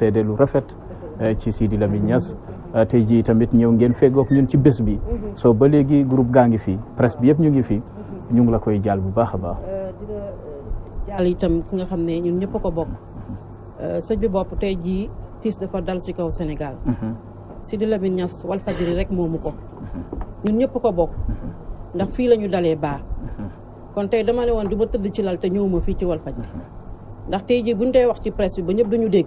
seede lu rafet eh, ci Sidi Lamine Niass eh, tey jii tamit ñëw ngeen feggoog ñun ci bés bi mhm. soo ba léegi groupe gaa ngi fii presse bi yëpp ñu ngi fi mhm. ñu ngi la koy jaal bu baax a baax eh, dina jaal itam ki nga xam ne ñun ñëpp a ko bokk mhm. sëñ bi bopp tey jii tiis dafa dal ci kaw Sénégal Sidi Lamine Niass Walfadjri rek moomu ko ñun ñëpp ko bokk ndax fii lañu ñu dalee baa kon tey dama ne woon du ma tëdd ci lal te ñëwuma fii ci Walfadjri ndax te jii buñ tey wax ci presse bi ba ñëpp duñu dégg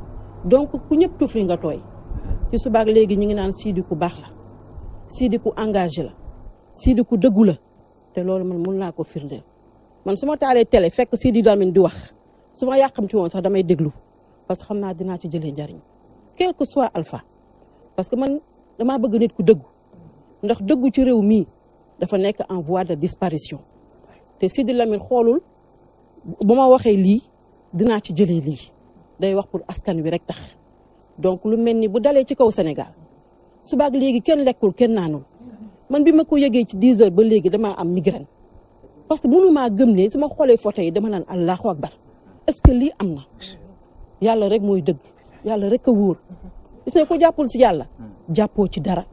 donc ku ñëpp tuuf li nga tooy ci subaak léegi ñu ngi naan la sidi ku engagé la sidi la loolu man ko man télé fekk di wax su ma yàqamti woon sax damay parce que xam naa ci quel que soit alpha parce que man damaa bëgg nit ku dëggu ndax dëggu ci réew mii dafa en voie de disparition te sidi Lamine xoolul bu ma waxee ci day wax pour askan wi rek tax donc lu mel ni bu dalee ci kaw Sénégal subaak léegi kenn lekkul kenn naanul man bi ma ko yëgee ci 10 heures ba léegi damaa am migraine parce que mënu maa gëm ne su ma xoolee photo yi dama naan allahu akbar est-ce que lii am na yàlla rek mooy dëgg yàlla rek a wóor gis ko jàppul si yàlla jàppoo ci dara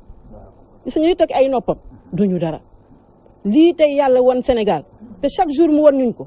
gis nga ñu teg ay noppam du ñu dara lii tey yàlla won Sénégal te chaque jour mu won ñuñ ko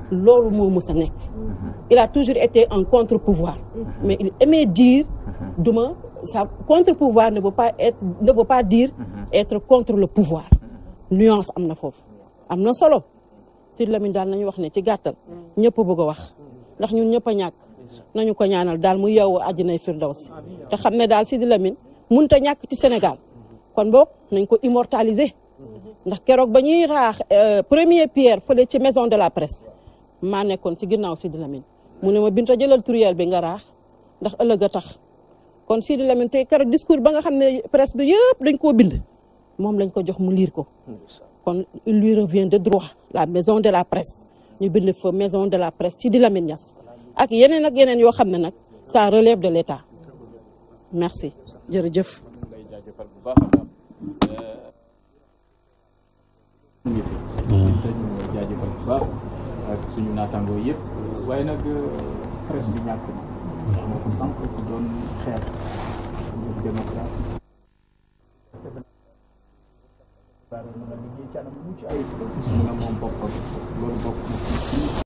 il a toujours été un contre-pouvoir mais il aimait dire demain, sa contre-pouvoir ne veut pas être ne veut pas dire être contre le pouvoir nuance am na Amna solo si Lamine ci bëgg a wax ndax ñun On a ko ñaanal Sénégal kon euh, premier pierre maison de la presse maa nekkoon ci ginnaaw Sidi Lamine ne jëlal bi nga raax ndax tax kon Sidi Lamine discours ba nga presse bi dañ bind lañ ko jox mu il lui revient de droit la maison de la presse ñu bind fa maison de la presse Sidi ak ak ça relève de l'État. merci suñu naataangoo yëpp waaye nag euh, presse bi ñàkk na ndax moo ko sànq ku doon xeex ngir démocratie mën moom boppam loolu bokk na ci